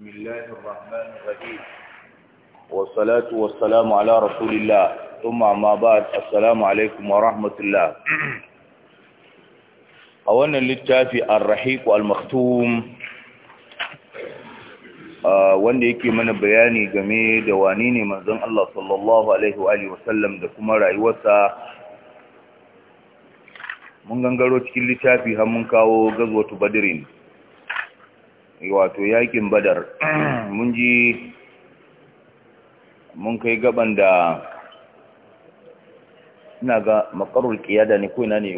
بسم الله الرحمن الرحيم والصلاة والسلام على رسول الله ثم ما بعد السلام عليكم ورحمة الله أولا للتافي الرحيق والمختوم wanda yake mana bayani game da wani ne manzon Allah sallallahu alaihi wa da kuma rayuwarsa mun gangaro cikin littafi har mun kawo gazwatu badrin wato yakin badar mun ji mun kai gaban da ina ga makarul kiyada ne ko ina ne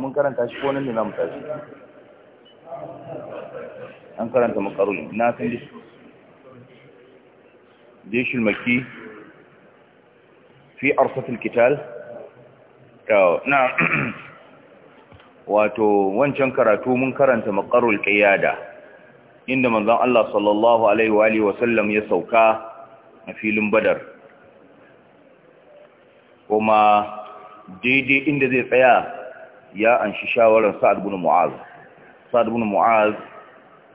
mun karanta shi ko nan ne namu tashi an karanta makarul na san shi maki fi arsatul kital na wato wancan karatu mun karanta maqarul qiyada inda manzon Allah sallallahu alaihi wa alihi wasallam ya sauka a filin badar kuma daidai inda zai tsaya ya anshi shawaran Sa'ad ibn Mu'az Sa'ad ibn Mu'az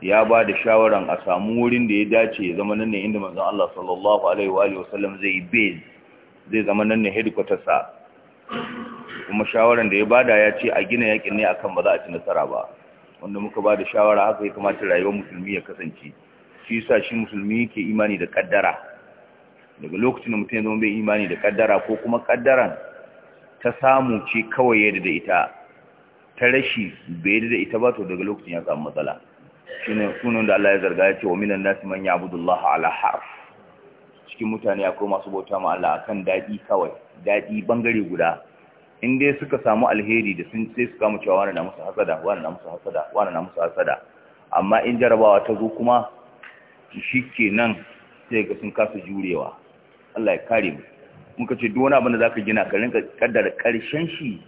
ya ba da shawaran a samu wurin da ya dace zamanin zama nan ne inda manzon Allah sallallahu alaihi wa alihi wasallam zai bez zai zama nan ne headquarters sa kuma shawaran da ya bada ya ce a gina yakin ne akan ba za a ci nasara ba wanda muka bada shawara haka ya kamata rayuwar musulmi ya kasance shi yasa shi musulmi yake imani da kaddara daga lokacin da mutum ya zama bai imani da kaddara ko kuma kaddaran ta samu ce kawai yadda da ita ta rashi bai yadda da ita ba to daga lokacin ya samu matsala ne sunan da Allah ya zarga ya ce wa minan nasi man ya'budullaha ala harf cikin mutane akwai masu bauta ma Allah akan dadi kawai dadi bangare guda in dai suka samu alheri da sun sai su kama cewa wani na musu hasada wani na musu hasada wani na musu hasada amma in jarabawa ta zo kuma shi ke nan sai ga sun kasa jurewa Allah ya kare mu muka ce duk wani abin da zaka gina ka rinka kaddara karshen shi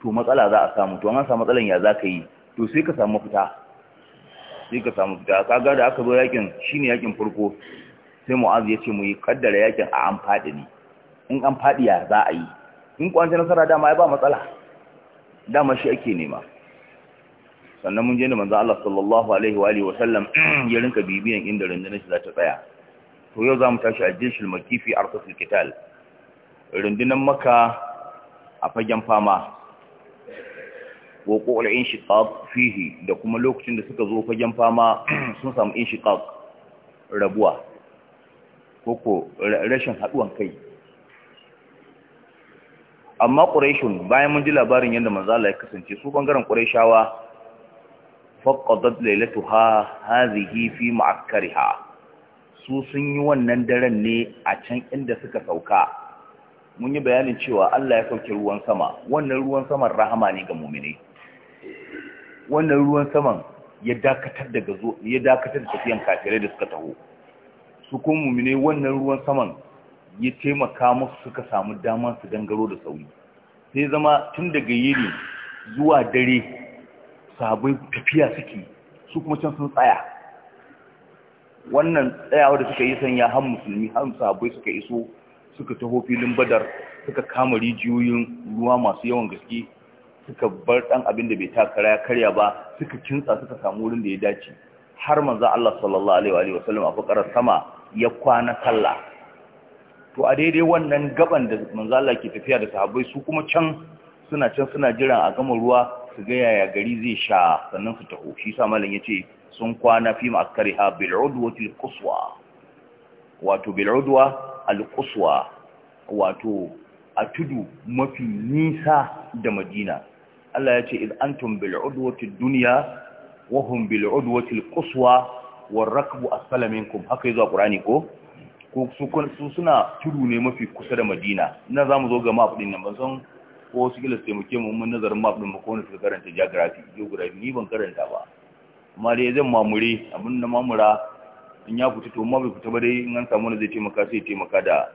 to matsala za a samu to an samu matsalan ya zaka yi to sai ka samu fita sai ka samu fita Ka ga da aka zo yakin shine yakin farko sai mu'az ya ce mu yi kaddara yakin a an fadi ne in an fadi ya za a yi in kwanci nasara dama ya ba matsala dama shi ake nema sannan mun je da manzo Allah sallallahu alaihi wa alihi wa sallam ya rinka bibiyan inda rundunar shi za ta tsaya to yau zamu tashi a jishul makifi arsatul qital rundunar maka a fagen fama waqul inshiqaq fihi da kuma lokacin da suka zo fagen fama sun samu inshiqaq rabuwa koko rashin haduwan kai amma ƙuraishin, bayan mun ji labarin yadda manzala ya kasance su ɓangaren ƙureshawa faƙaɗar lailatu ha hazihi fi ma'akari ha su sun yi wannan daren ne a can inda suka sauka mun yi bayanin cewa Allah ya sauke ruwan sama wannan ruwan saman rahama ne ga mummine wannan ruwan saman ya dakatar da tafiyan kafirai da suka taho su kuma mummine wannan ruwan saman ya taimaka musu suka samu dama su dangaro da sauri sai zama tun daga yini zuwa dare sabai tafiya suke su kuma can sun tsaya wannan tsayawa da suka yi sanya har musulmi har sabai suka iso suka taho filin badar suka kama rijiyoyin ruwa masu yawan gaske suka bar ɗan abin da bai takara ya karya ba suka kintsa suka samu wurin da ya dace har manzo Allah sallallahu alaihi wa sallam a fakarar sama ya kwana sallah to a daidai wannan gaban da manzala ke tafiya da sahabbai su kuma can suna can suna jiran a gama ruwa su ga yaya gari zai sha sannan su taho shi sa malam yace sun kwana fi ma'akariha bil udwati al quswa wato bil udwa al quswa wato a tudu mafi nisa da Madina Allah ya ce antum bil udwati dunya wa hum bil udwati al quswa war rakbu asfala minkum haka yazo Qur'ani ko ko su suna tudu ne mafi kusa da madina na za mu zo ga map din nan ban san ko su gila su taimake mu mun nazarin map din mu ko wani su karanta geography geography ni ban karanta ba amma dai zan mamure abin da mamura in ya fita to ma bai fita ba dai in an samu wani zai taimaka sai taimaka da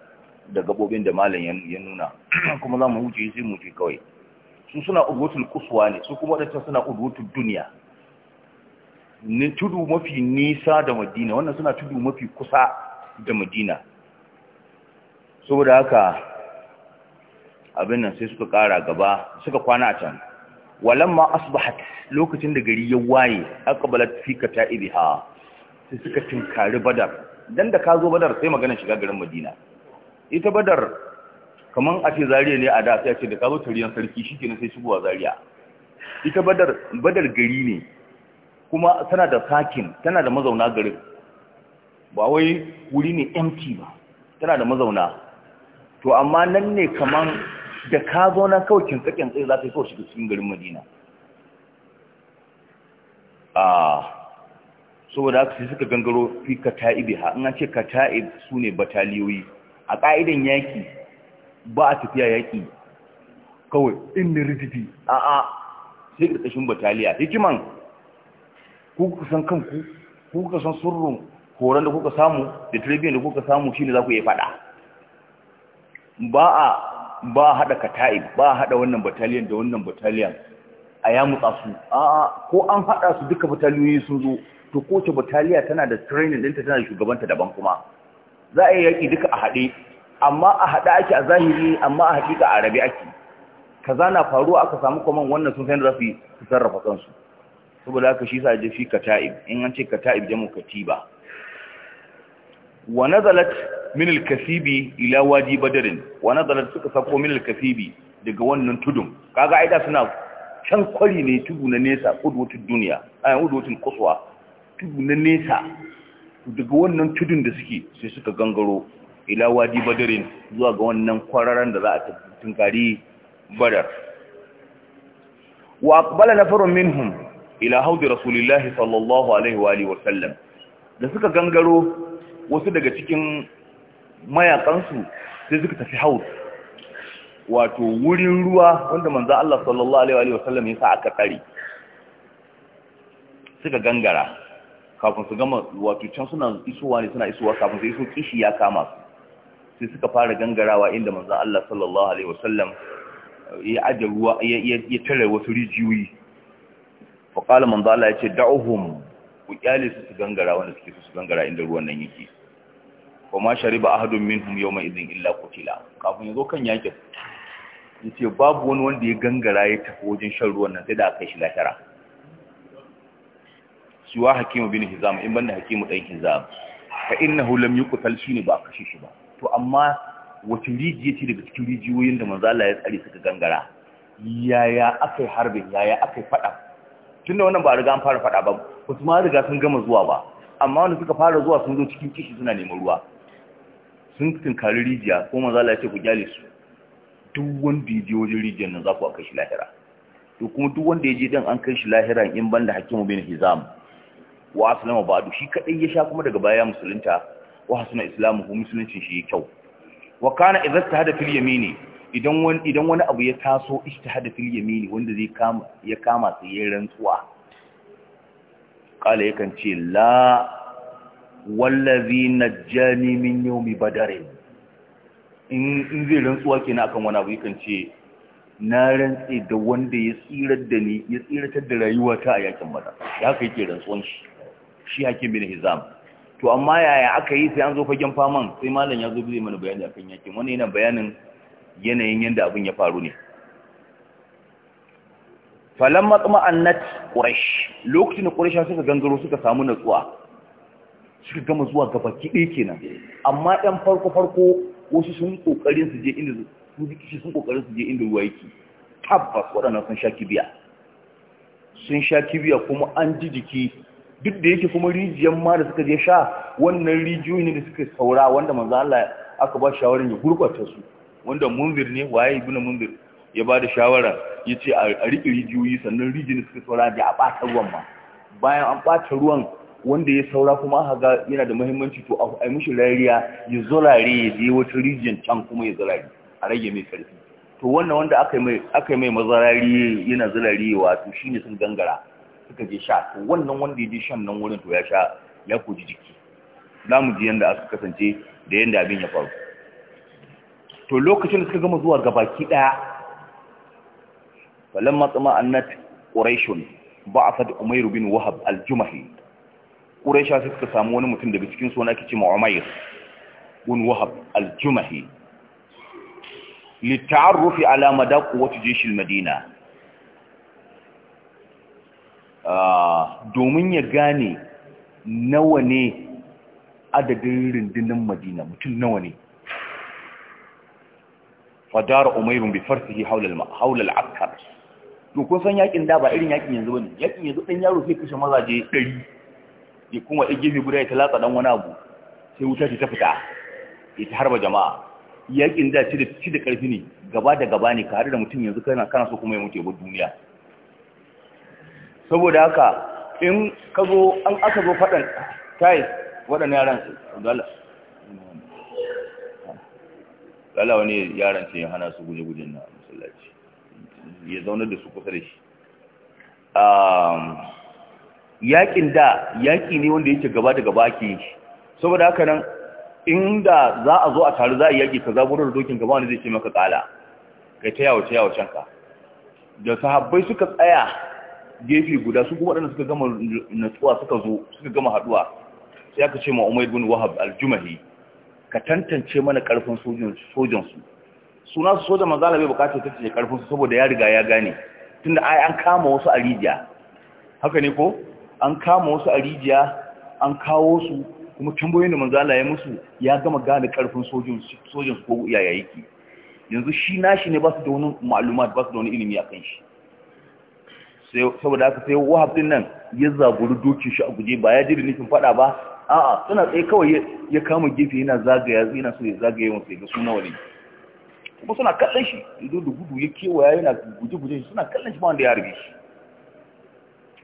da gabobin da malam ya nuna kuma za mu huce sai mu ce kawai su suna udwatul kuswa ne su kuma wadanda suna udwatul duniya ne tudu mafi nisa da madina wannan suna tudu mafi kusa da madina saboda haka abin nan sai suka kara gaba suka kwana a can walamma asbahat lokacin da gari ya waye aqbalat fi kata'ibiha sai suka tinkari badar dan da ka zo badar sai magana shiga garin madina ita badar kaman a ce zariya ne a da sai a ce da ka zo tariyan sarki shikenan sai shigowa zariya ita badar badar gari ne kuma tana da sakin tana da mazauna garin ba wai wuri ne empty ba tana da mazauna to amma nan ne kaman da ka zo na kawai kinkakin tsaye za ka yi kawai shiga cikin garin madina a saboda haka sai suka gangaro fi kata'ibi ha in an ce kata'ib su ne bataliyoyi a ƙa'idan yaƙi ba a tafiya yaƙi kawai in ni rijifi a a sai ƙarƙashin bataliya hikiman ku kusan kanku ku kusan surrun? horon da kuka samu da tribune da kuka samu shi ne za ku yi fada ba a ba hada ba ba hada wannan battalion da wannan battalion a ya su a'a ko an hada su duka battalion sun zo to kowace battaliya tana da training ta tana da shugabanta daban kuma za a yi yaki duka a hade amma a hada ake a zahiri amma a hakika a rabe ake kaza na faruwa aka samu kaman wannan sun san da za su sarrafa kansu saboda haka shi sa je shi kata'ib in an ce kata'ib jamu katiba wa nazalat min al-kasibi ila wadi badrin wa nazalat suka sako min al-kasibi daga wannan tudun kaga aida suna can kwari ne tudu na nesa udwatun duniya ayan udwatun quswa tudu na nesa daga wannan tudun da suke sai suka gangaro ila wadi badarin zuwa ga wannan kwararan da za a tunkari badar wa aqbala nafarun minhum ila haudi rasulillahi sallallahu alaihi wa alihi wa sallam da suka gangaro wasu daga cikin mayakansu sai suka tafi haus wato wurin ruwa wanda manzo Allah sallallahu alaihi wasallam ya sa aka tsare suka gangara kafin su gama wato can suna isowa ne suna isowa kafin su iso kishi ya kama su sai suka fara gangarawa inda manzo Allah sallallahu alaihi wasallam ya aje ruwa ya tare wasu rijiyoyi fa qala manzo Allah ya ce da'uhum ku kyale su su gangara wanda suke su gangara inda ruwan nan yake wa ma shariba ahadun minhum yawma idhin illa qutila kafin yazo kan yake yace babu wani wanda ya gangara ya tafi wajen shan ruwan nan sai da aka shi latara siwa hakimu bin hizam in banda hakimu dan hizam fa innahu lam yuqtal shini ba kashe shi ba to amma wace rijiya ce daga cikin rijiyoyin da manzo Allah ya tsare suka gangara yaya akai harbin yaya akai fada tunda wannan ba riga an fara fada ba kuma riga sun gama zuwa ba amma wanda suka fara zuwa sun zo cikin kishi suna neman ruwa sun tunkari rijiya ko maza ya ce ku gyale su duk wanda ya je wajen rijiyar nan za ku kai shi lahira to kuma duk wanda ya je dan an kai shi lahira in banda hakimu bin hizam wa aslama ba'du shi kadai ya sha kuma daga baya musulunta wa hasuna ko musuluncin shi ya kyau wa kana idza tahada fil yamini idan wani idan wani abu ya taso ijtihada fil yamini wanda zai kama ya kama sai ya rantsuwa kala yakan ce la wallazi najjani min yawmi badare in zai rantsuwa kenan akan wani abu yakan ce na rantse da wanda ya tsirar da ni ya tsiratar da rayuwata a yakin badar ya haka yake rantsuwan shi shi hakim bin hizam to amma yaya aka yi sai an zo fagen faman sai malam ya zo zai mana bayani akan yakin wannan yana bayanin yanayin yadda abin ya faru ne falamma matsama annat quraish lokacin da suka gangaro suka samu natsuwa suka gama zuwa gaba kiɗe kenan amma ɗan farko farko wasu sun kokarin su je inda su ji kishi sun kokarin su je inda ruwa yake tabbas waɗannan sun sha kibiya sun sha kibiya kuma an ji jiki duk da yake kuma rijiyar ma da suka je sha wannan rijiyoyi ne da suka saura wanda manzo Allah aka ba shawarar ya gurbata su wanda munzir ne waye ibn munzir ya ba da shawara ya ce a riƙe rijiyoyi sannan rijiyar suka saura da a ɓata ruwan ma. bayan an ɓata ruwan wanda ya saura kuma aka yana da muhimmanci to a mishi rariya ya zolare ya je wata rijiyar can kuma ya zolare a rage mai karfi to wannan wanda aka yi mai mazarari yana zolarewa to ne sun gangara suka je sha to wannan wanda ya je shan nan wurin to ya sha ya koji jiki za mu ji yanda aka kasance da yanda abin ya faru to lokacin da suka gama zuwa gabaki daya falamma tsama annat quraishun ba'athat umayr bin wahab al-jumahi ƙuraisha sai suka samu wani mutum daga cikin suna kici ma'amair bin wahab al-jumahi litta'arrufi ala mada quwwati jishil madina ah, domin ya gane nawa ne adadin rundunar madina mutum nawa ne fadara umairun bi farsihi haula al-akkar to kun san yakin da ba irin yakin yanzu bane yakin yanzu dan yaro sai kashe mazaje ɗari. ya kuma ɗin gefe guda ya talatsa ɗan wani abu sai wuta ta fita ya ta harba jama'a yakin da ci da ƙarfi ne gaba da gaba ne ka haɗu da mutum yanzu kana kana so kuma ya mutu ya duniya saboda haka in ka zo an aka zo faɗan tayi waɗannan yaran su lala wani yaran ce ya hana su guje-gujen na masallaci ya zaunar da su kusa da shi um, yakin da yaki ne wanda yake gaba da gaba yi saboda haka nan inda za a zo a taru za a yaki ka da dokin gaba wanda zai ce maka kala kai ta yawo ta yawo canka da sahabbai suka tsaya gefe guda su kuma waɗanda suka gama natsuwa suka zo suka gama haɗuwa sai aka ce ma umar bin wahab aljumahi ka tantance mana ƙarfin sojansu suna su sojan maza bai bukata ta ce ƙarfinsu saboda ya riga ya gane tunda ai an kama wasu a rijiya haka ne ko an kama wasu a rijiya an kawo su kuma tambayoyin da Allah ya musu ya gama gane karfin sojin su ko iyaye yake yanzu shi nashi ne ba su da wani ma'lumat ba su da wani ilimi a kan shi Sai saboda haka sai wahab din nan ya zaguri dokin shi a guje ba ya jira da nufin fada ba a'a suna tsaye kawai ya kama gefe yana zagaya yana so ya zagaye wasu ga su wani kuma suna kallon shi idan da gudu ya kewaya yana guje-guje suna kallon shi ba wanda ya harbe shi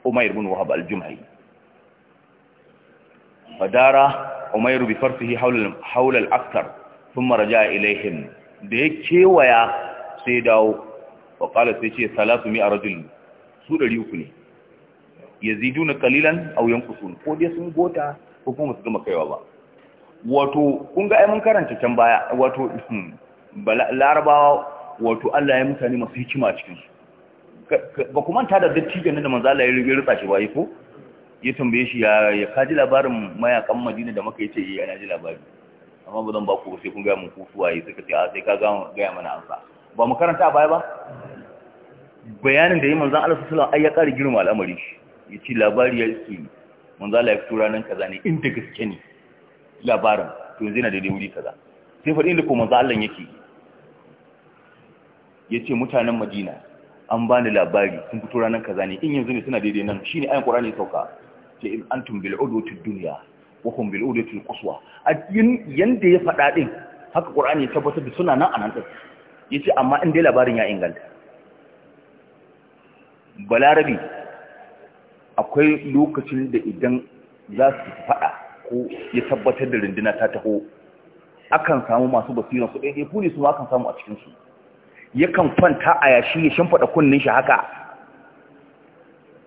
umair bin wahab al-jumhi fadara umair bi farsihi hawla al-akthar thumma raja'a ilayhim da ya kewaya sai dawo wa qala sai ce 300 rajul. su 300 ne yaziduna qalilan aw yanqusun ko dai sun gota ko kuma su gama kaiwa ba wato kun ga ai mun karanta can baya wato hmm, larabawa wato Allah ya mutane masu hikima cikin su ba ku manta da dattijan da manzo Allah ya rubi rutsa shi waye ko ya tambaye shi ya ya kaji labarin mayakan Madina da maka yace eh ana ji labari amma ba zan ba ku sai kun ga mun ku suwaye suka ce a sai ka ga ah, ga mana amsa ba mu karanta a baya ba bayanin da yi manzan Allah sallallahu alaihi wasallam ai ya ƙara girma al'amari ya ce labari ya ce manzan Allah ya fito ranar kaza ne inda gaske ne labarin to yanzu yana daidai wuri kaza sai faɗi da ko manzan Allah yake ya ce mutanen Madina an bani labari sun fito ranar kaza ne in yanzu ne suna daidai nan Shi ne ayan ƙorani sauka ce in An tumbil odotin duniya, wa kumbil bil kusuwa a cikin yanda ya faɗa ɗin haka ƙorani ya tabbatar da suna nan a nan ɗin? Ya ce amma in dai labarin ya inganta balarabi akwai lokacin da idan za su faɗa ko ya tabbatar da rindina ta taho akan samu masu basira su ɗaiɗaiku eh, eh, ne su ma akan samu a cikinsu yakan kwanta a yashi ya shimfada kunnin shi haka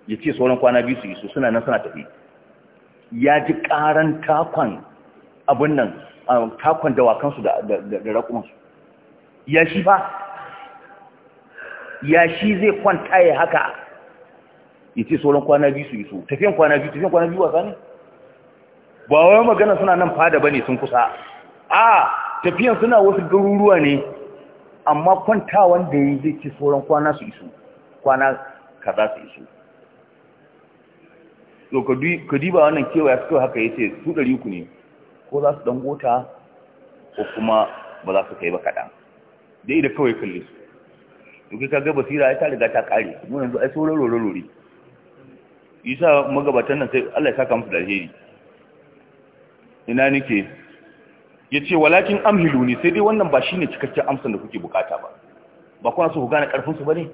ya ce sauran kwana biyu su yi su suna nan suna tafi ya ji ƙaran takon abin nan takon dawakansu da rakumansu yashi ba yashi zai kwanta ya haka ya ce sauran kwana biyu su yi su tafiyan kwana biyu tafiyan kwana biyu wasa ne ba wai magana suna nan fada ba ne sun kusa a tafiyan suna wasu garuruwa ne amma kwantawan da yi zai ci sauran kwana su isu kwana ka za su isu so ka diba wannan kewaya su kawai haka ya ce su ɗari uku ne ko za su dangota ko kuma ba za su kai ba kaɗan dai da kawai kalli su to ka kaga basira ya ta riga ta ƙare mu yanzu ai sauran rore-rore sa magabatan nan sai Allah ya saka musu da alheri ina nake ya ce walakin amhilu ne sai dai wannan ba shi ne cikakken amsan da kuke bukata ba ba kuna so ku gane ƙarfinsu ba ne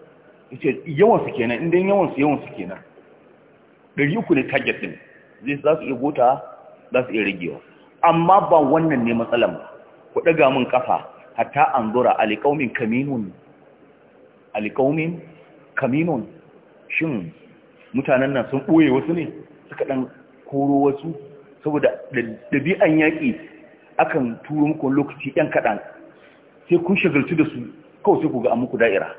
ya ce yawansu kenan inda yawansu yawansu kenan ɗari uku ne target ɗin zai za su iya gota za su iya ragewa amma ba wannan ne matsalan ku ɗaga min kafa hatta an zura alƙaumin kaminun alƙaumin kaminun shin mutanen nan sun ɓoye wasu ne suka ɗan koro wasu saboda ɗabi'an yaƙi akan turo muku lokaci ɗan kaɗan sai kun shagaltu da su kawai sai ku ga muku da'ira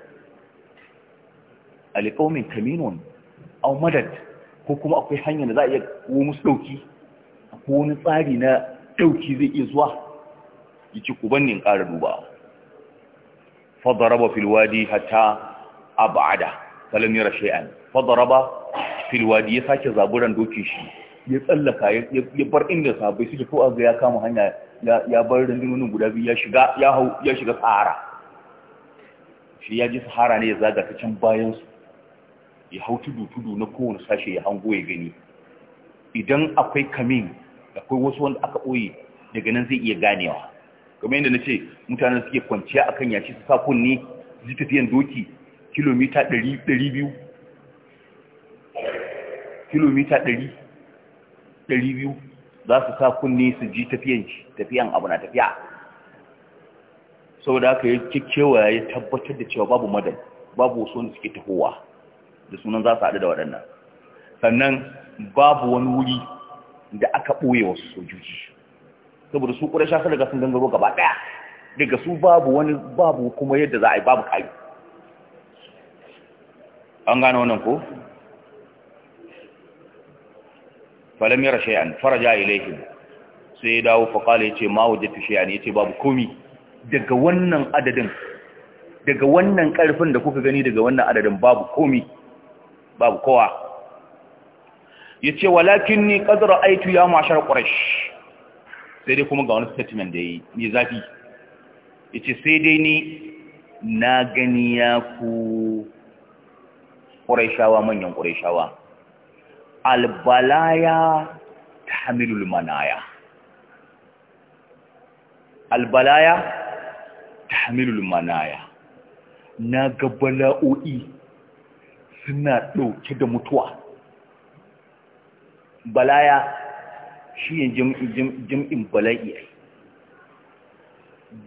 alƙaumin kaminon au madad ko kuma akwai hanyar da za a iya wo musu ɗauki ko wani tsari na ɗauki zai iya zuwa ya ce ku bannin ƙara duba fadaraba filwadi hatta abada falam yara shay'an fadaraba filwadi ya sake zaburan dokin shi ya tsallaka ya bar inda sabai suke ko azza ya kama hanya ya bar rundunonin guda biyu ya shiga ya hau ya shiga sahara shi ya ji sahara ne ya zaga ta can bayan su ya hau tudu tudu na kowane sashe ya hango ya gani idan akwai kamin akwai wasu wanda aka ɓoye daga nan zai iya ganewa kamar yadda na ce mutanen suke kwanciya akan yashi su sa kunne su tafiyan doki kilomita 200 kilomita ɗari biyu za su sa kunne su ji tafiyan shi tafiyan abu na tafiya saboda aka yi kewa ya tabbatar da cewa babu madal babu wasu wani suke tahowa da sunan za su haɗu da waɗannan sannan babu wani wuri da aka ɓoye wasu sojoji saboda su ƙura shafi daga sun gangaro gaba ɗaya daga su babu wani babu kuma yadda za a yi babu kayu an gane wannan ko falam yara shay'an faraja ilayhim sai ya dawo fa qala yace ma wajadtu shay'an yace babu komi daga wannan adadin daga wannan karfin da kuka gani daga wannan adadin babu komi babu kowa yace walakinni qad ra'aytu ya mashar quraish sai dai kuma ga wani statement da yi ni zafi yace sai dai ni na gani ya ku quraishawa manyan quraishawa albalaya ta hamilul manaya albalaya ta hamilul manaya na ga bala'o'i suna ɗauke da mutuwa balaya shi ne jim'in bala'i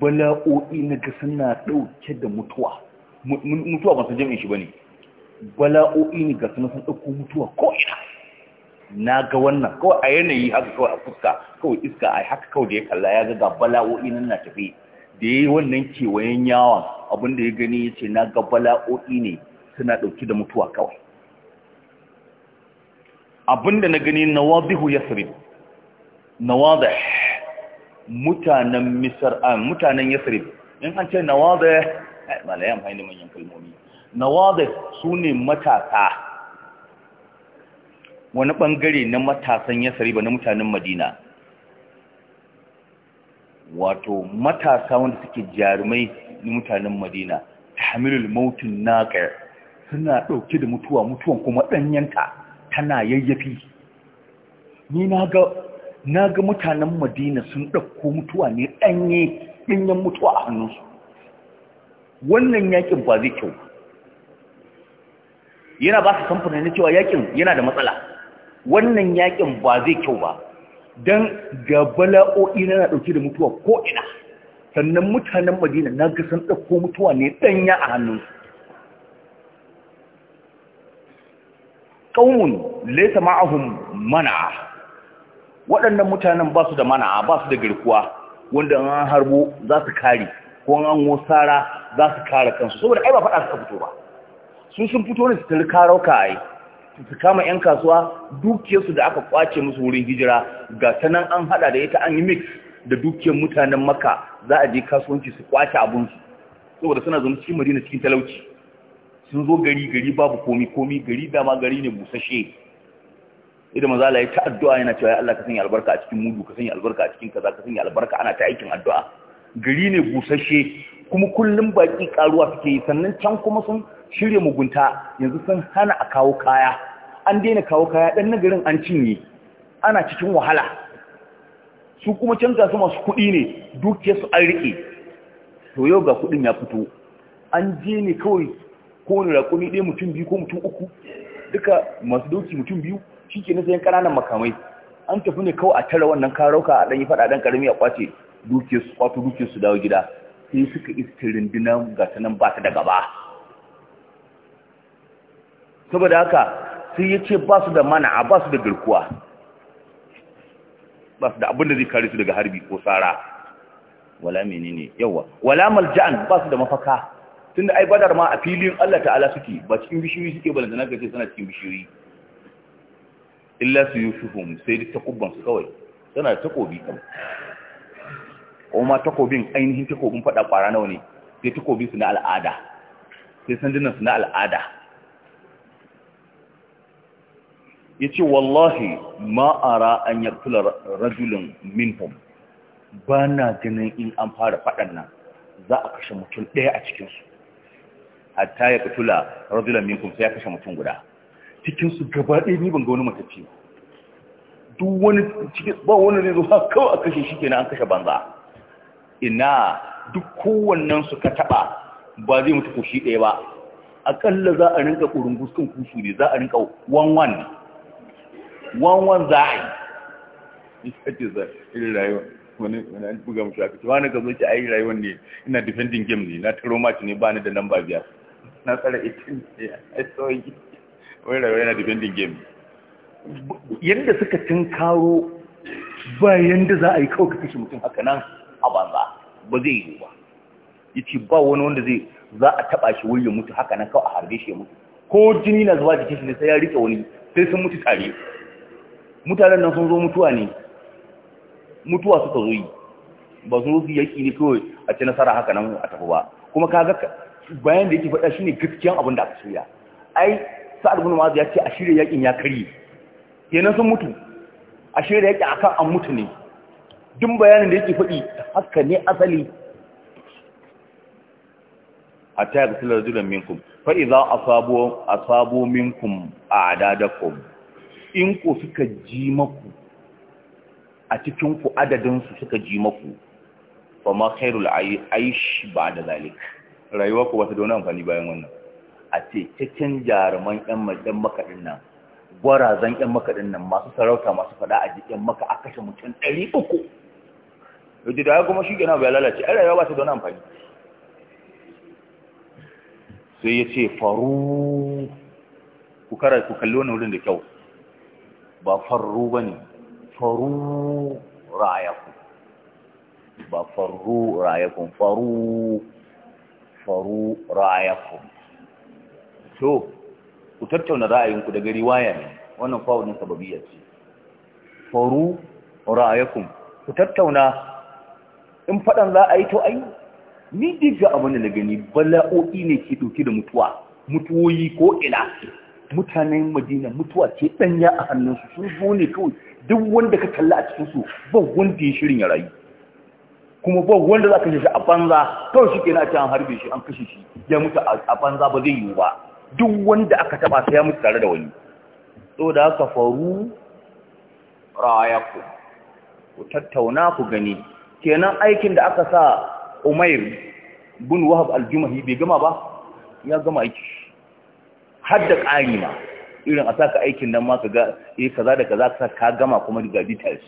bala'o'i na ga suna ɗauke da mutuwa mutuwa ba su jami'in shi ba ne bala'o'i ne ga suna sun ɗauko mutuwa ko na ga wannan kawai a yanayi haka kawai a fuska kawai iska a haka kawai da ya kalla ya ga bala'o'i nan na tafi da ya yi wannan kewayen yawon abin da ya gani ya ce na ga bala'o'i ne suna ɗauki da mutuwa kawai abin da na gani na wazihu yasrib na wazah mutanen misar a mutanen yasrib in an ce na wazah malayan haini manyan kalmomi na wazah su ne matasa wani bangare na matasan yasari ba na mutanen madina wato matasa wanda suke jarumai na mutanen madina ta hamilul mautin naƙar suna ɗauke da mutuwa mutuwan kuma ɗanyenta tana yayyafi ni na ga mutanen madina sun ɗauko mutuwa ne ɗanye ɗanyen mutuwa a hannunsu wannan yakin ba zai kyau yana ba su samfani na cewa yakin yana da matsala wannan yakin ba zai kyau ba don ga bala'o'i na ɗauke da mutuwa ko ina sannan mutanen madina na ga san ɗauko mutuwa ne ɗanya a hannunsu ƙaunin laisa ma'ahun mana'a waɗannan mutanen ba su da mana'a ba su da garkuwa wanda an harbo za su kare ko an sara za su kare kansu saboda ai ba faɗa suka fito ba sun sun fito ne su tare ka ai su kama 'yan kasuwa dukiyarsu da aka kwace musu wurin hijira ga sanan an hada da ita an yi mix da dukiyar mutanen maka za a je kasuwanci su kwace abinsu saboda suna zama cikin madina cikin talauci sun zo gari gari babu komi komi gari dama gari ne busashe idan maza ya ta addu'a yana cewa ya Allah ka sanya albarka a cikin mudu ka sanya albarka a cikin kaza ka sanya albarka ana ta aikin addu'a gari ne busashe kuma kullum baki karuwa suke yi sannan can kuma sun shirya mugunta yanzu sun hana a kawo kaya an daina kawo kaya ɗan nagarin an cinye ana cikin wahala su kuma canza su masu kuɗi ne dukiyarsu an riƙe to yau ga kuɗin ya fito an je ne kawai kowane raƙumi ɗaya mutum biyu ko mutum uku duka masu doki mutum biyu shi ke nasa yin ƙananan makamai an tafi ne kawai a tara wannan karauka a ɗanyi faɗaɗen ƙarami a ƙwace dukiyarsu dukiyarsu dawo gida sai suka iska rindina ga ta nan ba ta da gaba saboda haka sai ya ce ba su da mana'a ba su da garkuwa ba su da abin da zai kare su daga harbi ko tsara wala menene yawa wala malja'an ba su da mafaka tunda da aibadar ma a filin Allah ta'ala suke ba cikin bishiyoyi suke balanta na gace suna cikin bishiyoyi illa su shuhun sai da takubban su kawai suna da takobi kama. kuma takobin ainihin takobin fada kwara nawa ne sai takobin su na al'ada sai sandunan su na al'ada ya ce wallahi ma'ara an yartula rajulun minhum ba na ganin in an fara faɗan nan za a kashe mutum ɗaya a cikinsu hatta ya fitula rajulun minkum sai ya kashe mutum guda cikinsu gaba ɗaya ni ban ga wani matacci duk wani cikin ba wani ne zuwa kawai a kashe shi kenan an kashe banza ina duk kowannen su ka taɓa ba zai mutu ko shi ɗaya ba aƙalla za a rinka ƙurin kan kusu ne za a rinka wan-wan wanwan za a yi ya ce za irin rayuwa wani wani an buga musu shafi ce wani ka zo ki ayi rayuwar ne ina defending game ne na taro match ne ba ni da namba biyar na tsara itin ne ai tsawon wani rayuwa yana defending game yadda suka karo, ba yanda za a yi kawai kashe mutum haka nan a banza ba zai yi ba ya ce ba wani wanda zai za a taba shi wuri ya mutu haka nan kawai a harbe shi ya mutu ko jini na zuwa jikin shi ne sai ya rike wani sai sun mutu tare mutanen nan sun zo mutuwa ne mutuwa suka zo yi ba sun rufi yaki ne kawai a ci nasara haka nan a tafi ba kuma ka ga bayan da yake faɗa shine gaskiyan abin da aka shirya ai sa'ad bin mu'adh ya ce a shirya yakin ya kare kenan sun mutu a shirya yakin akan an mutu ne duk bayanin da yake faɗi haka ne asali hatta yaqtulu rajulan minkum fa idza asabu asabu minkum a'dadakum in ku suka ji maku a cikin ku adadinsu suka ji maku fa ma khairul aish ba da zalik rayuwa ku wata dona amfani bayan wannan a ce cikin jaruman yan madan din nan gwarazan yan din nan masu sarauta masu fada a jikin maka a kashe mutum ɗari uku yadda da ya kuma shi gina bai lalace ai rayuwa ba ta dona amfani sai ya ce faru ku kara ku kalli wani wurin da kyau ba farru ba ne faru rayakun ba farru rayakun faru faru rayakun so ku tattauna ra'ayinku daga riwaya ne wannan fa'udin sababiyya ce faru ra'ayakun ku tattauna in faɗan za a yi to ai ni diga abin da na gani bala'o'i ne ke ɗauki da mutuwa mutuwoyi ko ina mutanen madina mutuwa ke danya a hannunsu sun zo ne kawai duk wanda ka kalla a cikinsu ba wanda ya shirin ya rayu kuma ba wanda za ka shi a banza kawai shi ke na ce an harbe shi an kashe shi ya mutu a banza ba zai yiwu ba duk wanda aka taba sai ya mutu tare da wani so da aka faru rayaku ku tattauna ku gani kenan aikin da aka sa umair bin wahab aljumahi bai gama ba ya gama aiki har da ƙari ma irin a saka aikin nan ma ka eh kaza da kaza ka ka gama kuma ga details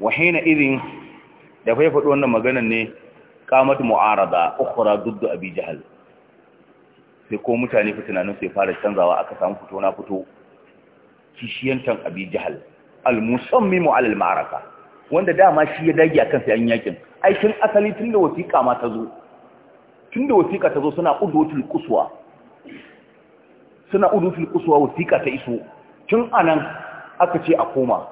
wa hina idin da fa faɗo wannan maganar ne qamat mu'arada ukhra duddu abi jahal sai ko mutane tunanin sai fara canzawa aka samu fito na fito kishiyantan abi jahal al-musammimu ala al-ma'araka wanda dama shi ya dage akan sai an yakin Aikin asali tunda da ma ta zo tun da wasiƙa ta zo suna udutul kusuwa suna udutul kusuwa wasiƙa ta iso tun anan aka ce a koma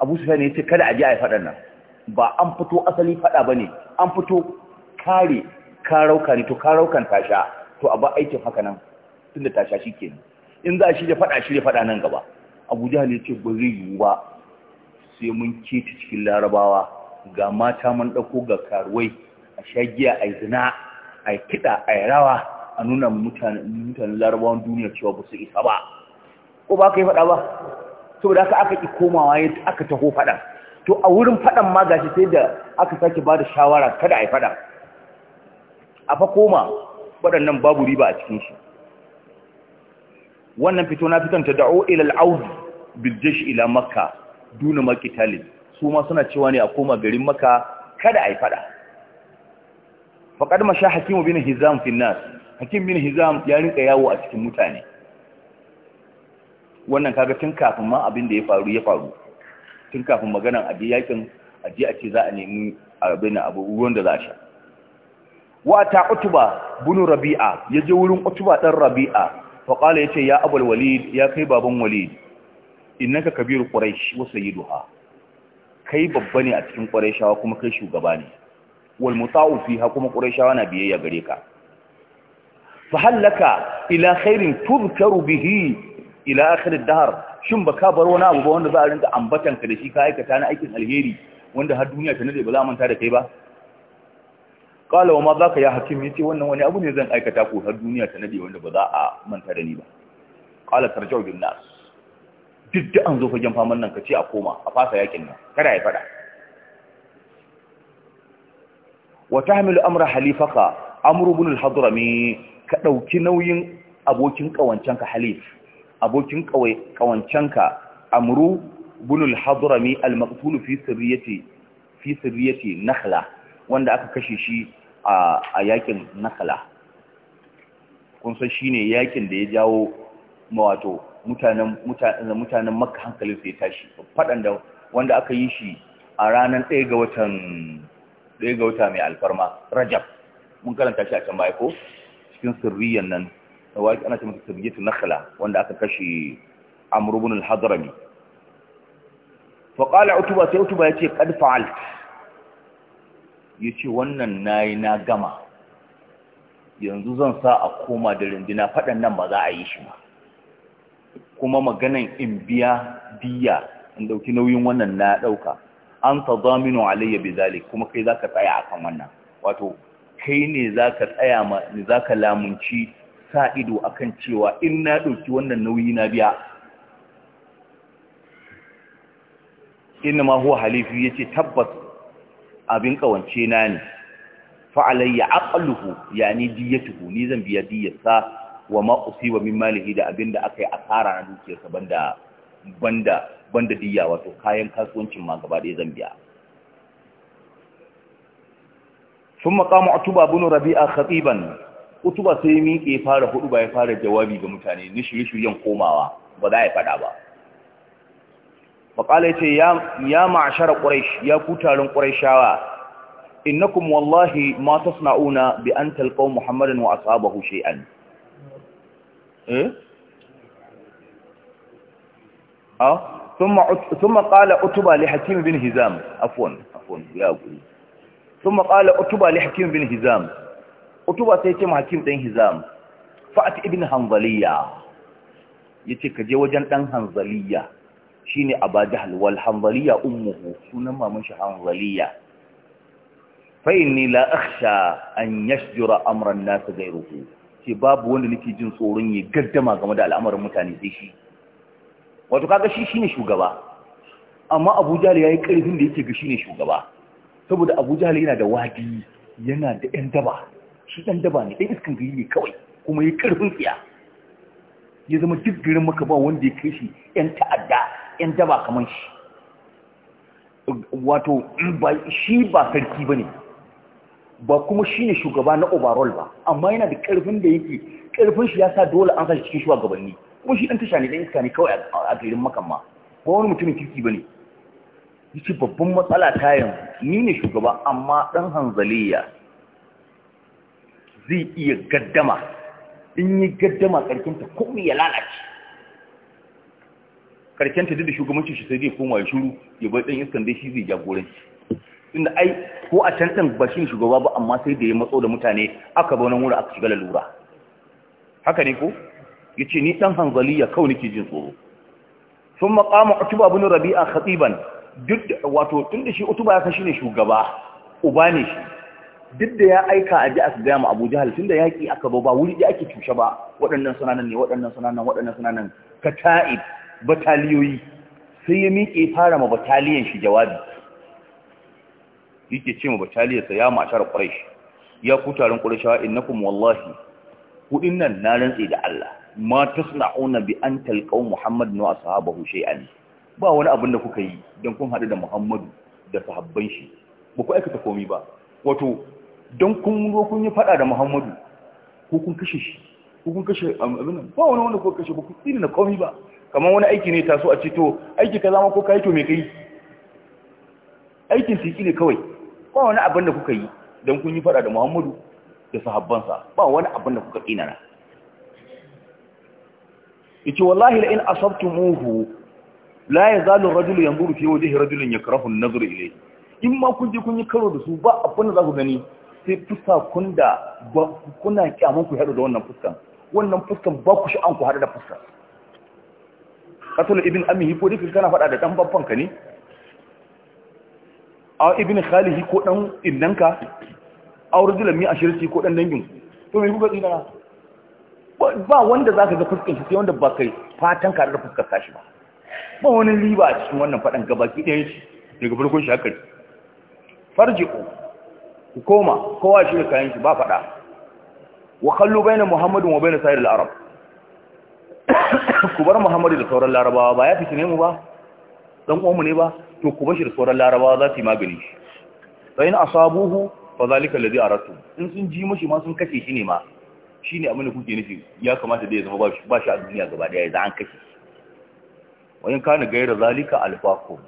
abu su ne ce kada a ji a yi faɗa nan ba an fito asali faɗa ba ne an fito kare karauka ne to karaukan tasha to a ba aikin haka nan tun da tasha shi ke in za a shirya faɗa shirya faɗa nan gaba abu jihar ya ce ba zai yiwu ba sai mun keta cikin larabawa ga mata mun ɗauko ga karuwai a shagiya a zina a kiɗa a rawa a nuna mutanen larabawan duniya cewa ba su isa ba ko ba ka yi faɗa ba saboda haka aka ƙi komawa ya aka taho faɗan to a wurin faɗan ma gashi sai da aka sake ba da shawara kada a yi faɗa. a fa koma waɗannan babu riba a cikin shi wannan fito na fitan ta da'o ilal Audu, bil ila makka duna makitalin su ma suna cewa ne a koma garin makka kada a yi faɗa faqad masha hakimu bin hizam fi nas hakim bin hizam ya rinka yawo a cikin mutane wannan kaga tun kafin ma abin da ya faru ya faru tun kafin maganan abi yakin aje a ce za a nemi abin abu ruwan da za a sha wa ta utba bin rabi'a ya je wurin utba dan rabi'a fa yace ya abul walid ya kai baban walid innaka kabir quraish wa sayyiduha kai babba ne a cikin quraishawa kuma kai shugaba ne wal muta'u fiha kuma qurayshawa na biyayya gare ka fa halaka ila khairin tudhkaru bihi ila akhir ad-dahr shin baka bar wani abu ba wanda za a rinka ambatan ka da shi ka aikata na aikin alheri wanda har duniya ta nade ba za manta da kai ba qala wa ma zaka ya hakim yace wannan wani abu ne zan aikata ku har duniya ta nade wanda ba za a manta da ni ba qala tarja'u bin nas duk da an zo fagen faman nan ka ce a koma a fasa yakin nan kada ya fada Wata Hamilu amra halifaka amru ibn al ka ɗauki nauyin abokin ka halif abokin kawai ka amru ibn al-hadrami al-maqtul fi sirriyati nakhla wanda aka kashe shi a yakin nakhla kun san shine yakin da ya jawo mawato mutanen mutanen mutanen makka hankalin sai tashi fadan da wanda aka yi shi a ranar ɗaya ga watan ɗaya ga wata mai alfarma rajab mun karanta shi a can baya ko cikin sirriyan nan waki ana ce masa sirriyatu nakhla wanda aka kashe amru ibn al-hadrami fa qala utuba sai utuba yace qad fa'alt yace wannan nayi na gama yanzu zan sa a koma da rindina fadan nan ba za a yi shi ba kuma maganan in biya diya in dauki nauyin wannan na dauka an ta zaminu alayya bi kuma kai zaka tsaya akan wannan wato kai ne zaka tsaya ma ne zaka lamunci sa ido akan cewa in na ɗauki wannan nauyi na biya In ma huwa halifi yace tabbas abin ƙawance na ne fa alayya aqluhu yani diyatuhu ni zan biya diyarsa wa ma usiba min malihi da abinda akai asara na dukiyarsa banda banda banda diya wato kayan kasuwancin ma gaba ɗaya zan biya sun makamu utuba bin rabi'a khatiban utuba sai miƙe fara hudu ba ya fara jawabi ga mutane ni shirye-shiryen komawa ba za a yi faɗa ba ya ce ya ma'ashara ƙuraish ya ku taron shawa innakum wallahi ma tasna'una bi an talqaw muhammadin wa ashabahu shay'an eh ah ثم ثم قال عتبه لحكيم بن هزام عفوا عفوا يا ابو ثم قال عتبه yace ka je wajen ɗan hanzaliya shine abajahl wal hanzaliya ummuhu sunan maman shi hanzaliya fa inni la akhsha an yashjura amra an-nas ghayruhu ki babu wanda nake jin tsoron ya gaddama game da al'amarin mutane sai shi wato kaga shi shine shugaba amma Abu Jahl yayi karfin da yake ga shine shugaba saboda Abu Jahl yana da wadi yana da ɗan daba shi ɗan daba ne ɗan iskan gari ne kawai kuma yayi karfin tsiya ya zama duk garin maka ba wanda ya kai shi ɗan ta'adda ɗan daba kamar shi wato shi ba sarki bane ba kuma shine shugaba na overall ba amma yana da karfin da yake ƙarfin shi yasa dole an sa shi cikin shugabanni kuma shi dan tasha ne dan iska ne kawai a garin makan ma ko wani mutumin kirki bane yace babban matsala ta yanzu ni ne shugaba amma dan hanzaliya zai iya gaddama in yi gaddama karkinta komai ya lalace karkinta duk da shugabanci shi sai zai koma ya shuru ya bar dan iskan dai shi zai jagoranci inda ai ko a can ba shi ne shugaba ba amma sai da ya matso da mutane aka wani wuri aka shiga lalura haka ne ko ya ce ni ɗan hanzaliya kawai nake jin tsoro sun maƙama utuba bin rabi'a khatiban duk wato tun da shi utuba ya shine ne shugaba uba ne shi duk da ya aika a ji a gaya ma abu jihar tun da yaƙi aka zo ba wuri da ake tushe ba waɗannan sunanan ne waɗannan sunanan waɗannan sunanan ka ta'ib bataliyoyi sai ya miƙe fara ma bataliyan shi jawabi yake ce ma bataliyarsa ya mashar ƙwarai ya ku taron ƙwarai shawa innakum wallahi kuɗin nan na rantse da Allah ma tusna'una bi an talqaw muhammadin wa ashabahu shay'an ba wani abin da kuka yi don kun haɗu da muhammadu da sahabban shi ba ku aikata komi ba wato don kun zo kun yi faɗa da muhammadu ko kun kashe shi ko kun kashe abin ba wani wanda ko kashe ba ku tsiri na komi ba kamar wani aiki ne taso a ce to aiki ka zama ko ka yi to me kai aikin tiki ne kawai ba wani abin da kuka yi don kun yi faɗa da muhammadu da sa. ba wani abin da kuka ƙinana ita wallahi la in muhu la yazalu rajulu yanzuru fi wajhi rajulin yakrahu an-nazr ilayhi in ma kun je kun yi karo da su ba abin da za ku gani sai fuska kun da kuna kyamun ku haɗu da wannan fuskan wannan fuskan ba ku sha'an ku haɗu da fuskan katul ibn amihi ko dukkan kana faɗa da ɗan babban ka ne a ibn khalihi ko ɗan innanka a wurin mi a ko ɗan dangin to me kuka tsina ba wanda za ka ga fuskan shi sai wanda ba kai fatan ka da fuskar kashi ba ba wani riba a cikin wannan ga baki ɗaya shi daga farkon shi haka farji ku koma kowa shi da kayan shi ba faɗa wa kallo bayanan muhammadu wa bayanan sayar al'arab ku bar muhammadu da sauran larabawa ba ya fi ne mu ba ɗan ƙwanmu ne ba to ku bashi da sauran larabawa za su yi magani shi sai na asabuhu fa zalika ladhi aratu in sun ji mushi ma sun kashe shi ne ma ne abin da kuke nufi ya kamata da ya zama ba shi a duniya gaba daya za an kashe wani kana gaira zalika alfakon.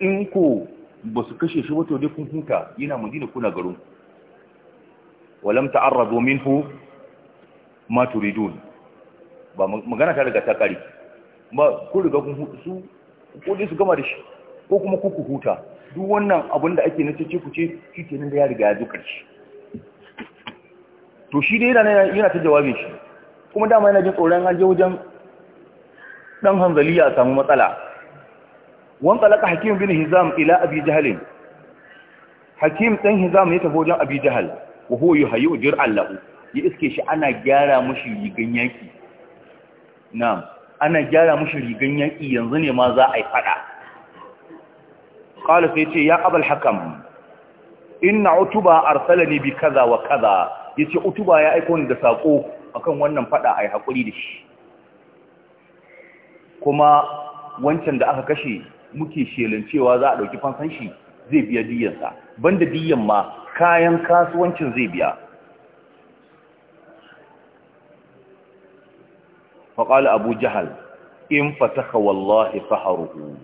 in ko ba su kashe shi wato dai kun huta yana madina kuna garin walam domin minhu ma turidun ba magana ta daga ta ba ku riga kun su ko dai su gama da shi ko kuma kuku huta duk wannan abin da ake nace ce ku ce shikenan da ya riga ya zo karshe to shi dai yana ta jawabin shi kuma dama yana jin tsoron an je wajen dan hanzaliya a samu matsala wan talaka hakim bin hizam ila abi jahal hakim dan hizam ya tafi wajen abi jahal wa huwa yuhayyu jir'an lahu ya iske shi ana gyara mushi rigan yaki na'am ana gyara mushi rigan yaki yanzu ne ma za a yi fada qala sai ce ya abul hakam inna utuba arsalani bi kaza wa kaza yace utuba ya aika ni da sako akan wannan fada ai hakuri da shi kuma wancan da aka kashe muke shelancewa za a dauki fansan shi zai biya diyansa banda diyan ma kayan kasuwancin zai biya faqala abu jahal in fataka wallahi faharuhu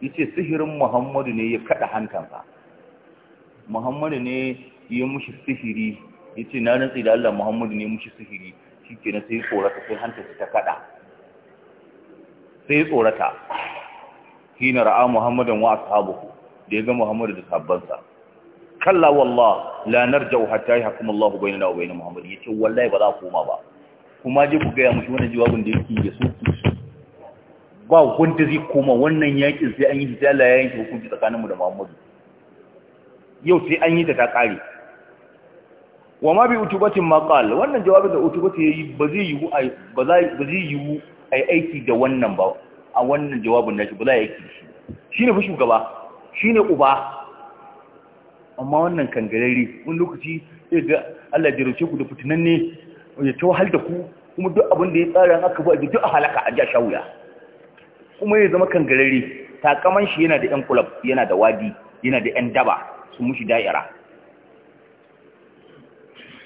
yace sihirin muhammadu ne ya kada hankansa muhammadu ne ya mushi sihiri ya ce na rantsi da Allah muhammadu ne ya mushi sihiri shi ke na sai tsorata sai hanta ta kada sai tsorata shi na ra'a muhammadan wa ashabuhu da ya ga muhammadu da sabbansa kalla wallah la narja'u hatta yahkum Allahu bainana wa bain Muhammad yace wallahi ba za ku koma ba kuma je ku ga ya mushi wannan jawabin da yake ya soki ba wanda zai koma wannan yakin sai an yi ya yayin hukunci tsakaninmu da Muhammadu yau sai an yi ta ta kare wa ma bi utubatin maqal wannan jawabin da utubati yayi ba zai yiwu ba zai ba zai yiwu ai aiki da wannan ba a wannan jawabin nashi ba zai aiki shi shine fa shi shine uba amma wannan kangarare wani lokaci sai ga Allah jarumce ku da fitinan ne ya hal da ku kuma duk abin da ya tsara aka ba duk a halaka a ja shawuya kuma ya zama kangarare takaman shi yana da ƴan kulab yana da wadi yana da ƴan daba su mushi da'ira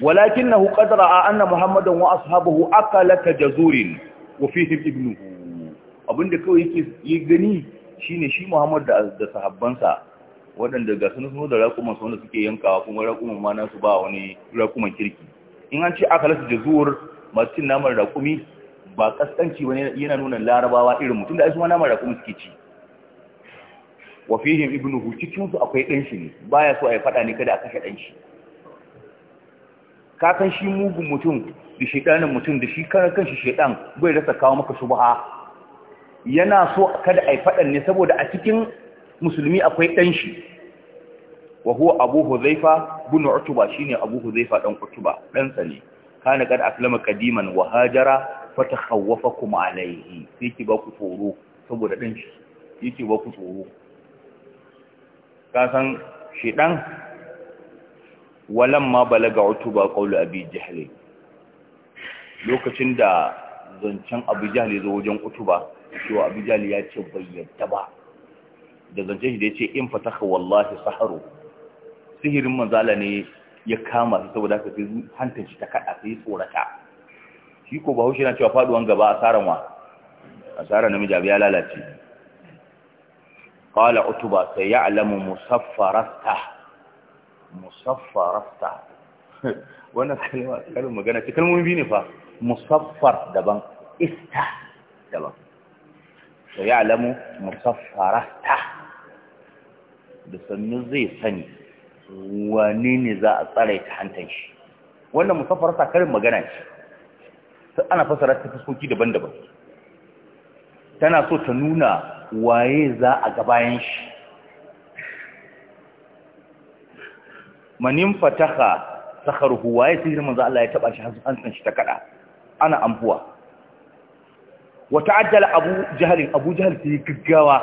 walakinahu qad ra'a anna muhammadan wa ashabahu akala tajazurin wa fihim ibnuhu abinda kawai yake yi gani shine shi muhammad da da sahabbansa waɗanda ga sun suno da raƙuman su wanda suke yankawa kuma raƙuman ma nasu ba wani raƙuman kirki in an ce akala tajazur masu cin naman raƙumi ba kaskanci wani yana nuna larabawa irin mutum da ai su ma namar raƙumi suke ci wa fihim ibnuhu cikin su akwai dan shi ne baya so ai fada ne kada a kashe dan shi ka san shi mugun mutum da shedanin mutum da shi kan kanshi shedan bai rasa kawo maka shubha yana so kada ai faɗan ne saboda a cikin musulmi akwai dan shi wa huwa abu huzaifa bin utuba shine abu huzaifa dan utuba dan sani ne kana kad aslama qadiman wa hajara fatakhawwafakum alayhi sai ba ku tsoro saboda dan yake ba ku tsoro kasan walan ma balaga utuba qawlu abi jahl lokacin da zancen abu jahl zo wajen utuba cewa abu jahl ya ce bai yadda ba da zancen shi da ce in fataka wallahi saharu sihirin manzala ne ya kama su saboda haka sai hantar ta kada sai tsorata shi ko bahaushe na cewa faduwan gaba asaran wa asara namiji abu ya lalace قال عتبة سيعلم مصفرته مصفرته wannan kalma magana ce kalmomi biyu ne fa musaffar daban ista daban sai ya alamu musaffarata da sannu zai sani wani ne za a tsare ta hantan shi wannan musaffarata karin magana ana fasara ta daban-daban tana so ta nuna waye za a bayan shi manin fataha sakharu waye sirrin manzo Allah ya taba shi hantsan shi ta kada ana ambuwa wa ta'ajjala abu jahl abu jahl fi gaggawa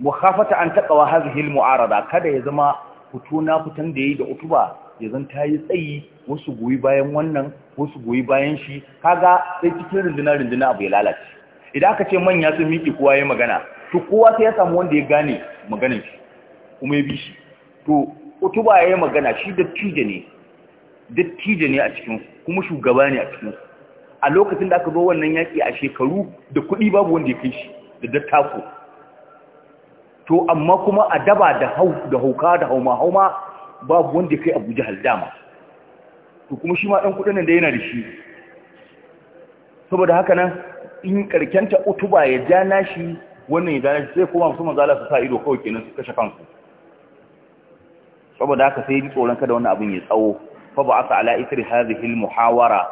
mukhafata an taqwa hadhihi almu'arada kada ya zama hutuna fitan da yayi da utuba ya zan tayi tsayi wasu goyi bayan wannan wasu goyi bayan shi kaga sai cikin runduna runduna abu ya lalace idan aka ce manya sun miki kowa ya magana to kowa sai ya samu wanda ya gane maganar shi kuma ya bi shi to utuba ya yi magana shi dattija ne Dattija ne a cikin kuma shugaba ne a cikin a lokacin da aka zo wannan yaƙi a shekaru da kuɗi babu wanda ya kai shi da dattako to amma kuma a daba da da hauka da hauma hauma babu wanda ya kai abuja haldama dama to kuma shi ma ɗan kuɗin da yana da shi saboda haka nan in karkenta utuba ya ja nashi wannan ya ja nashi sai kuma su manzala su sa ido kawai kenan su kashe kansu saboda haka sai ji tsoron kada wannan abin ya tsawo fa ba aka ala isri hadhihi al muhawara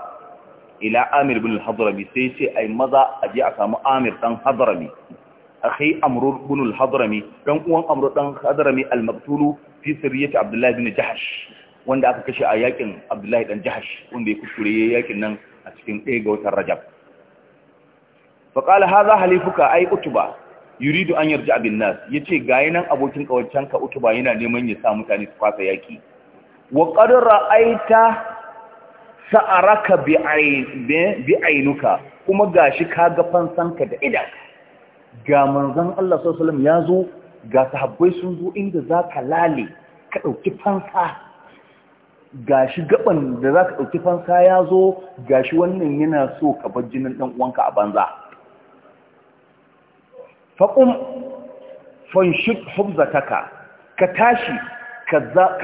ila amir bin al hadrami sai ce ai maza a je a samu amir dan hadrami akhi amr bin al hadrami dan uwan amr dan hadrami al maqtulu fi sirriyati abdullah bin jahash wanda aka kashe a yakin abdullahi dan jahash wanda ya kuskure yakin nan a cikin ɗaya ga watan rajab faƙala ha za halifuka ai utuba yuridu an yarji abin nas ya ce gaya nan abokin ka utuba yana neman ya sa mutane su fasa yaƙi wa ƙadara aita sa'araka bi ainuka kuma shi ka ga fansanka da idan ga manzan Allah sallallahu ya zo ga sahabbai sun zo inda za ka lale ka ɗauki fansa ga shi gaban da za ka ɗauki fansa ya zo ga shi wannan yana so ka bar jinin ɗan uwanka a banza faƙum fanshik hubzataka ka tashi ka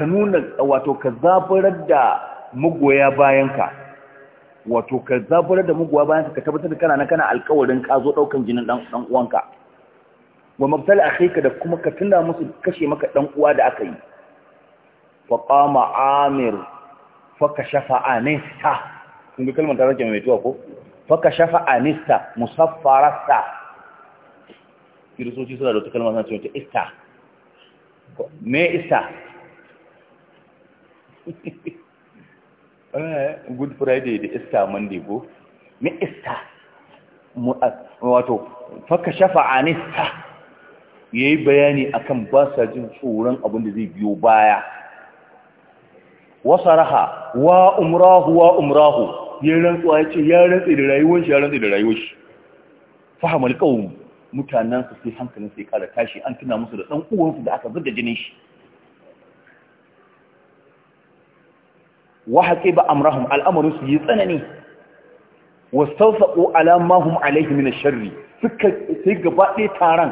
nuna wato ka zaburar da magoya bayanka wato ka zaburar da magoya bayanka ka tabbatar da kana na kana alƙawarin ka zo ɗaukan jinin ɗan uwanka wa kai ka da kuma ka tunda musu kashe maka ɗan uwa da aka yi faƙa ma'amir amir shafa a anista kun bi kalmar ta rage mai tuwa ko shafa a anista musaffarasta kirisoci suna da wata kalma suna cewa ista me ista eh, good friday da ista monday go me ista wato faka shafa nista ya yi bayani akan ba sa jin tsoron abin da zai biyo baya wasa raha wa umrahu wa umrahu ya rantsuwa ya ce ya rantsu da rayuwar shi ya rantsu da rayuwar shi fahimar mutanen su sai hankalin sai kada tashi an tuna musu da dan su da aka zuga jinin shi wa ba amrahum al'amru su yi tsanani wastawfaqu ala ma hum alayhi min ash-sharri suka sai gaba ɗaya taron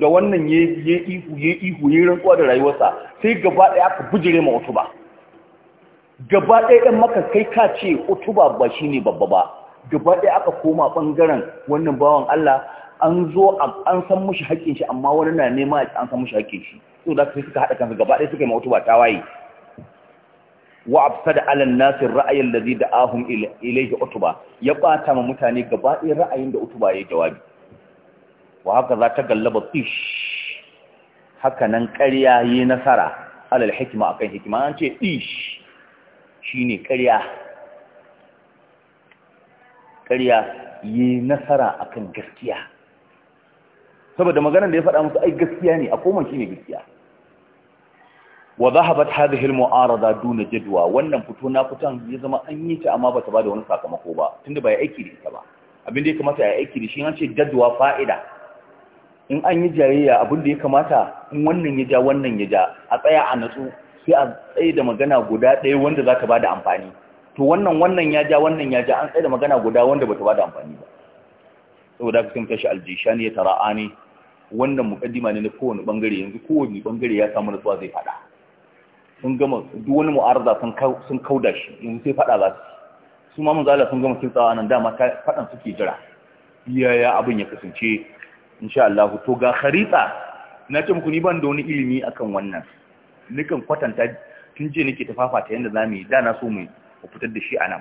da wannan ya ihu ya ihu ya rantsuwa da rayuwarsa sai gaba ɗaya aka bujire ma utuba gaba ɗaya dan maka kai ka ce utuba ba shine babba ba gaba ɗaya aka koma ɓangaren wannan bawan Allah an zo an san mushi haƙƙin shi amma wani na nema an san mushi haƙƙin shi so da suka haɗa kansu gaba ɗaya suka yi mautu ba ta waye wa afsada ala an nasi ar da alladhi da'ahum ilayhi utba ya bata ma mutane gaba ɗaya ra'ayin da utuba ya jawabi wa haka za ta gallaba tish haka nan ƙarya yi nasara ala al-hikma akan hikma an ce tish shine ƙarya ƙarya yi nasara akan gaskiya saboda maganar da ya faɗa musu ai gaskiya ne a koman shi ne gaskiya wa zahabat hadhihi almu'arada duna jadwa wannan fito na fitan ya zama an yi ta amma bata bada wani sakamako ba tunda ba ya aiki da ita ba abin da ya kamata ya aiki da shi an ce jadwa fa'ida in an yi jayayya abin da ya kamata in wannan ya ja wannan ya ja a tsaya a natsu sai a tsaye da magana guda ɗaya wanda za ta bada amfani to wannan wannan ya ja wannan ya ja an tsaye da magana guda wanda bata bada amfani ba saboda haka tashi aljishani ya tara'ani wannan mukaddima ne na kowane bangare yanzu kowane bangare ya samu nutsuwa zai fada sun gama duk wani mu'arza sun kauda shi yanzu sai fada za su su ma zala sun gama tsawa nan dama fadan suke jira ya abin ya kasance insha Allah to ga kharita na ce muku ni ban da wani ilimi akan wannan nikan kwatanta tun je nake tafafata yanda zamu yi da na so mu fitar da shi anan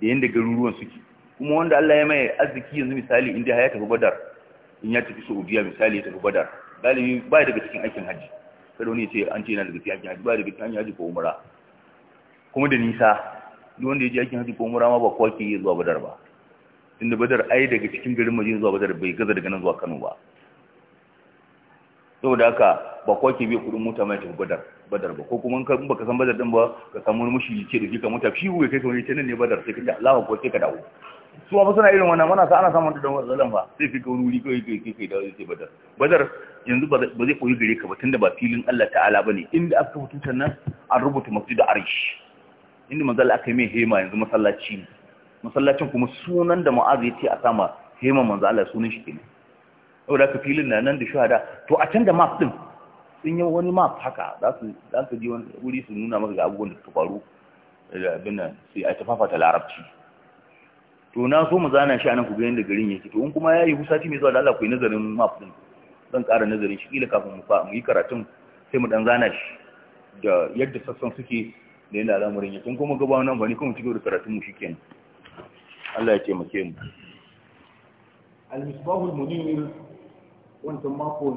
da yanda garuruwan suke kuma wanda Allah ya mai arziki yanzu misali inda ya tafi badar in ya tafi saudiya misali ya tafi badar galibi ba daga cikin aikin haji kada wani ce an ce yana daga cikin aikin haji. ba daga cikin aikin haji ko umra kuma da nisa duk wanda ya je aikin haji ko umra ma ba kowa ke zuwa badar ba inda badar ai daga cikin garin Madina zuwa badar bai gaza daga nan zuwa kano ba saboda haka ba kowa ke biya kudin mota mai tafi badar badar ba ko kuma in ka san badar din ba ka samu wani mushi ce da ka mota shi ya kai ka wani ce nan ne badar sai ka ce Allah ko sai ka dawo su ba suna irin wannan mana sa ana samun da matsalan ba sai fi kawo wuri kai kai kai da zai badar badar yanzu ba zai koyi gare ka ba tunda ba filin Allah ta'ala bane inda aka rubuta nan an rubuta masjid arish inda manzo aka yi mai hema yanzu masallaci ne masallacin kuma sunan da mu'azi yace a sama hema manzo Allah sunan shi kenan saboda ka filin na nan da shahada to a can da map din sun yi wani map haka za su za su je wani wuri su nuna maka ga abubuwan da suka faru da eh, abin nan sai a ta larabci to na so mu zana shi anan ku ga yanda garin yake to in kuma ya husati sati mai zuwa da Allah ku yi nazarin map din zan ƙara nazarin shi kila kafin mu fa mu yi karatun sai mu dan zana shi da yadda sassan suke da yadda al'amarin yake in kuma gaba nan ba ni kuma cikin da karatun mu shikenan Allah ya taimake mu al-misbahul munir wancan mako